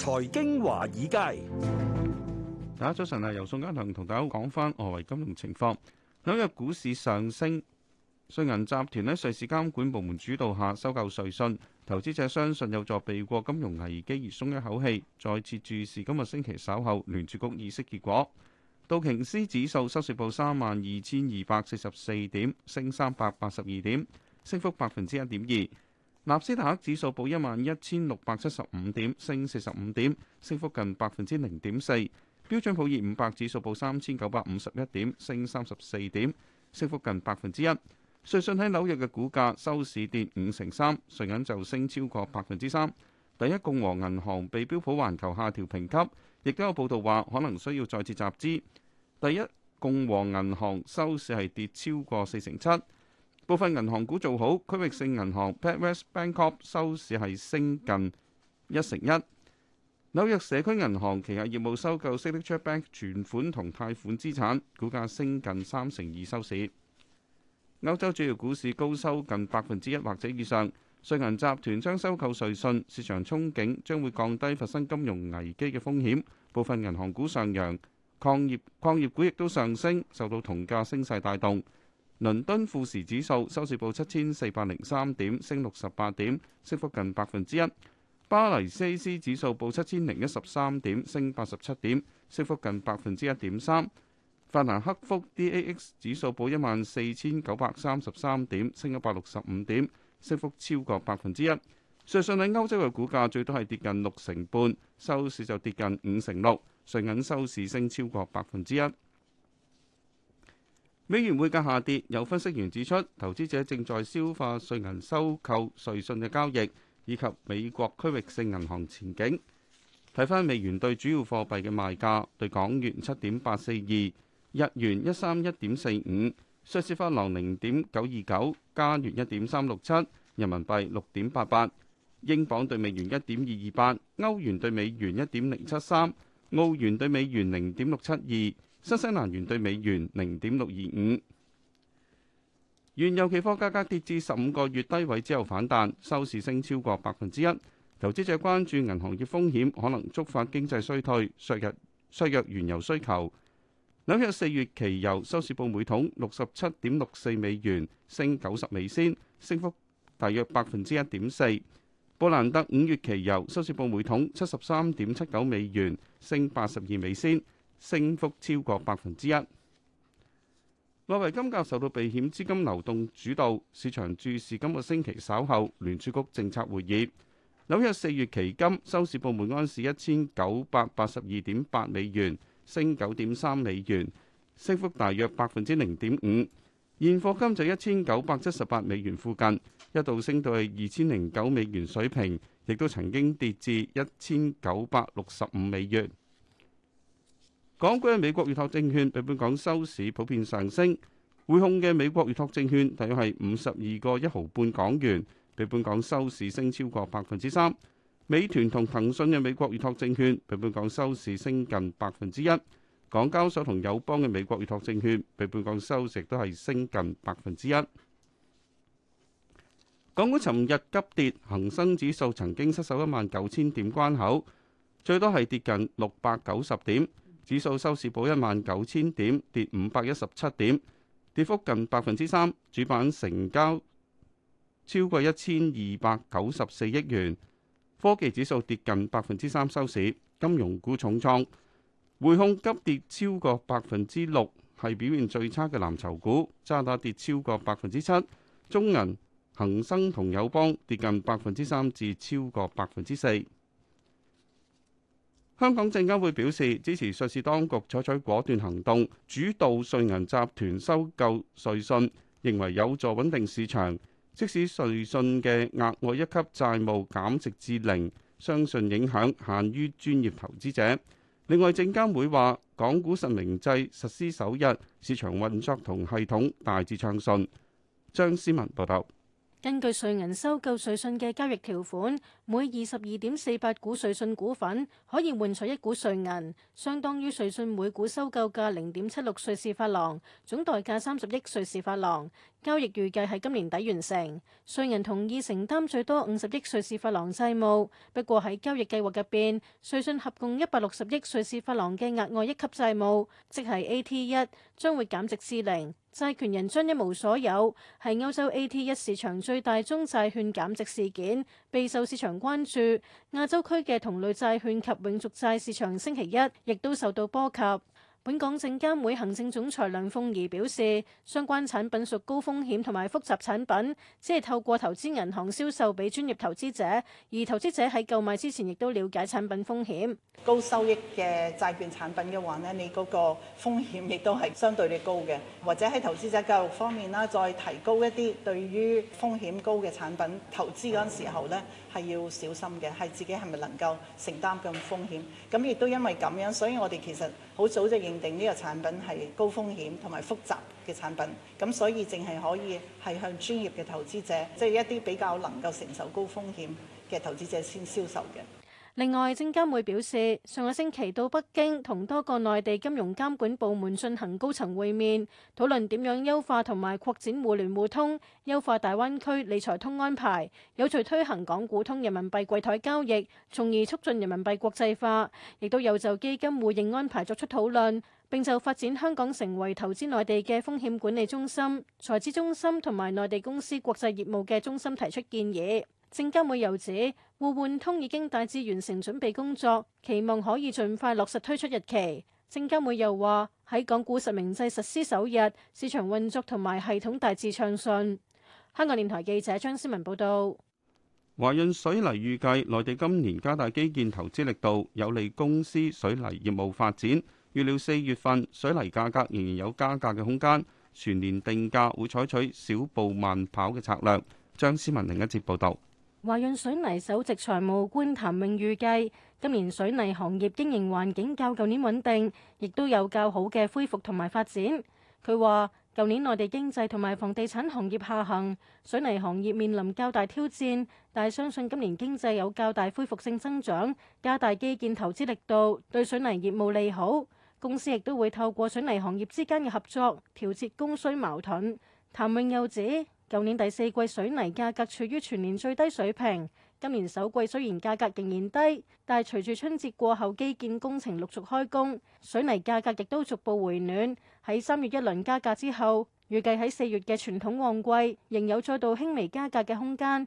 財經華爾街，大家早晨啊！由宋嘉良同大家講翻外圍金融情況。紐約股市上升，瑞銀集團喺瑞士監管部門主導下收購瑞信，投資者相信有助避過金融危機而鬆一口氣，再次注視今個星期稍後聯儲局議息結果。道瓊斯指數收市報三萬二千二百四十四點，升三百八十二點，升幅百分之一點二。納斯達克指數報一萬一千六百七十五點，升四十五點，升幅近百分之零點四。標準普爾五百指數報三千九百五十一點，升三十四點，升幅近百分之一。瑞信喺紐約嘅股價收市跌五成三，瑞銀就升超過百分之三。第一共和銀行被標普環球下調評級，亦都有報道話可能需要再次集資。第一共和銀行收市係跌超過四成七。部分銀行股做好，區域性銀行 PacWest Bancorp 收市係升近一成一。紐約社區銀行旗下業務收購 Signature Bank 存款同貸款資產，股價升近三成二收市。歐洲主要股市高收近百分之一或者以上。瑞銀集團將收購瑞信，市場憧憬將會降低發生金融危機嘅風險。部分銀行股上揚，礦業礦業股亦都上升，受到銅價升勢帶動。倫敦富時指數收市報七千四百零三點，升六十八點，升幅近百分之一。巴黎 CAC 指數報七千零一十三點，升八十七點，升幅近百分之一點三。法蘭克福 DAX 指數報一萬四千九百三十三點，升一百六十五點，升幅超過百分之一。瑞信喺歐洲嘅股價最多係跌近六成半，收市就跌近五成六，瑞銀收市升超過百分之一。美元匯價下跌，有分析員指出，投資者正在消化瑞銀收購瑞信嘅交易，以及美國區域性銀行前景。睇返美元對主要貨幣嘅賣價：對港元七點八四二，日元一三一點四五，瑞士法郎零點九二九，加元一點三六七，人民幣六點八八，英鎊對美元一點二二八，歐元對美元一點零七三，澳元對美元零點六七二。新西蘭元兌美元零點六二五，原油期貨價格跌至十五個月低位之後反彈，收市升超過百分之一。投資者關注銀行業風險可能觸發經濟衰退，削弱削弱原油需求。紐約四月期油收市報每桶六十七點六四美元，升九十美仙，升幅大約百分之一點四。布蘭特五月期油收市報每桶七十三點七九美元，升八十二美仙。升幅超過百分之一。外圍金價受到避險資金流動主導，市場注視今個星期稍後聯儲局政策會議。紐約四月期金收市報每安士一千九百八十二點八美元，升九點三美元，升幅大約百分之零點五。現貨金就一千九百七十八美元附近一度升到去二千零九美元水平，亦都曾經跌至一千九百六十五美元。港股嘅美國預託證券比本港收市普遍上升，匯控嘅美國預託證券大約係五十二個一毫半港元，比本港收市升超過百分之三。美團同騰訊嘅美國預託證券比本港收市升近百分之一。港交所同友邦嘅美國預託證券比本港收市都係升近百分之一。港股尋日急跌，恆生指數曾經失守一萬九千點關口，最多係跌近六百九十點。指數收市報一萬九千點，跌五百一十七點，跌幅近百分之三。主板成交超過一千二百九十四億元。科技指數跌近百分之三收市，金融股重創，匯控急跌超過百分之六，係表現最差嘅藍籌股。渣打跌超過百分之七，中銀、恒生同友邦跌近百分之三至超過百分之四。香港證監會表示，支持瑞士當局採取果斷行動主導瑞銀集團收購瑞信，認為有助穩定市場，即使瑞信嘅額外一級債務減值至零，相信影響限於專業投資者。另外，證監會話港股實名制實施首日，市場運作同系統大致暢順。張思文報道。根據瑞銀收購瑞信嘅交易條款，每二十二點四八股瑞信股份可以換取一股瑞銀，相當於瑞信每股收購價零點七六瑞士法郎，總代價三十億瑞士法郎。交易預計喺今年底完成，瑞銀同意承擔最多五十億瑞士法郎債務。不過喺交易計劃入邊，瑞信合共一百六十億瑞士法郎嘅額外一級債務，即係 AT1，將會減值至零。債權人將一無所有，係歐洲 AT1 市場最大宗債券減值事件，備受市場關注。亞洲區嘅同類債券及永續債市場星期一亦都受到波及。本港證監會行政總裁梁鳳儀表示，相關產品屬高風險同埋複雜產品，只係透過投資銀行銷售俾專業投資者，而投資者喺購買之前亦都了解產品風險。高收益嘅債券產品嘅話咧，你嗰個風險亦都係相對你高嘅，或者喺投資者教育方面啦，再提高一啲對於風險高嘅產品投資嗰陣時候咧，係要小心嘅，係自己係咪能夠承擔咁風險？咁亦都因為咁樣，所以我哋其實好早就認。認定呢個產品係高風險同埋複雜嘅產品，咁所以淨係可以係向專業嘅投資者，即係一啲比較能夠承受高風險嘅投資者先銷售嘅。另外，證監會表示，上個星期到北京同多個內地金融監管部門進行高層會面，討論點樣優化同埋擴展互聯互通，優化大灣區理財通安排，有序推行港股通人民幣櫃檯交易，從而促進人民幣國際化。亦都有就基金互認安排作出討論，並就發展香港成為投資內地嘅風險管理中心、財資中心同埋內地公司國際業務嘅中心提出建議。證監會又指互換通已經大致完成準備工作，期望可以盡快落實推出日期。證監會又話喺港股實名制實施首日，市場運作同埋系統大致暢順。香港電台記者張思文報道。華潤水泥預計內地今年加大基建投資力度，有利公司水泥業務發展。預料四月份水泥價格仍然有加價嘅空間，全年定價會採取小步慢跑嘅策略。張思文另一節報道。華潤水泥首席財務官譚穎預計，今年水泥行業經營環境較舊年穩定，亦都有較好嘅恢復同埋發展。佢話：舊年內地經濟同埋房地產行業下行，水泥行業面臨較大挑戰，但係相信今年經濟有較大恢復性增長，加大基建投資力度，對水泥業務利好。公司亦都會透過水泥行業之間嘅合作，調節供需矛盾。譚穎又指。舊年第四季水泥價格處於全年最低水平，今年首季雖然價格仍然低，但隨住春節過後基建工程陸續開工，水泥價格亦都逐步回暖。喺三月一輪加價之後，預計喺四月嘅傳統旺季，仍有再度輕微加價嘅空間。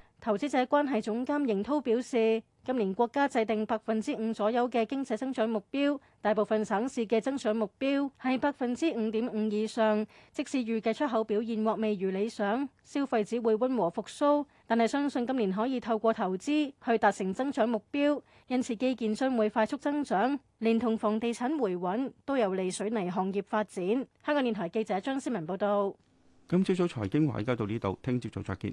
投資者關係總監盈濤表示：今年國家制定百分之五左右嘅經濟增長目標，大部分省市嘅增長目標係百分之五點五以上。即使預計出口表現或未如理想，消費只會溫和復甦，但係相信今年可以透過投資去達成增長目標。因此基建將會快速增長，連同房地產回穩，都有利水泥行業發展。香港電台記者張思文報道。今朝早財經華爾街到呢度，聽朝早再見。